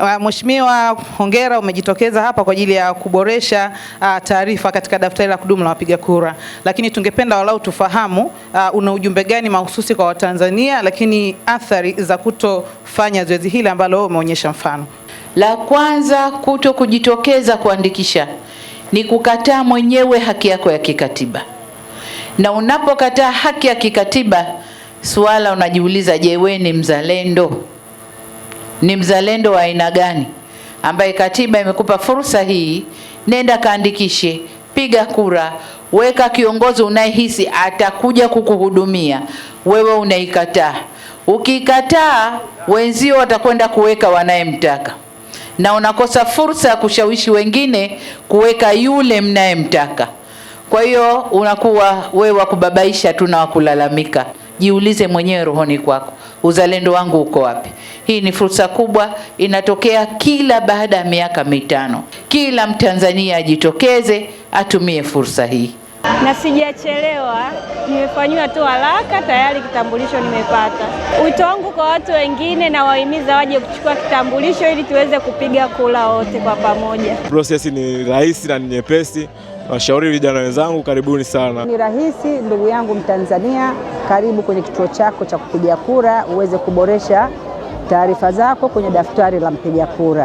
Uh, Mheshimiwa, hongera, umejitokeza hapa kwa ajili ya kuboresha uh, taarifa katika daftari la kudumu la wapiga kura, lakini tungependa walau tufahamu uh, una ujumbe gani mahususi kwa Watanzania, lakini athari za kutofanya zoezi hili ambalo umeonyesha mfano. La kwanza, kuto kujitokeza kuandikisha ni kukataa mwenyewe haki yako ya kikatiba, na unapokataa haki ya kikatiba, suala unajiuliza, je, wewe ni mzalendo? ni mzalendo wa aina gani ambaye katiba imekupa fursa hii. Nenda kaandikishe, piga kura, weka kiongozi unayehisi atakuja kukuhudumia wewe. Unaikataa, ukiikataa wenzio watakwenda kuweka wanayemtaka, na unakosa fursa ya kushawishi wengine kuweka yule mnayemtaka. Kwa hiyo unakuwa wewe wa kubabaisha tu na wakulalamika. Jiulize mwenyewe rohoni kwako, uzalendo wangu uko wapi? Hii ni fursa kubwa, inatokea kila baada ya miaka mitano. Kila Mtanzania ajitokeze, atumie fursa hii na sijachelewa, nimefanyiwa tu haraka, tayari kitambulisho nimepata. Wito wangu kwa watu wengine, na wahimiza waje kuchukua kitambulisho ili tuweze kupiga kura wote kwa pamoja. Prosesi ni rahisi na ni nyepesi. Washauri vijana wenzangu, karibuni sana. Ni rahisi, ndugu yangu Mtanzania karibu kwenye kituo chako cha kupiga kura uweze kuboresha taarifa zako kwenye daftari la mpiga kura.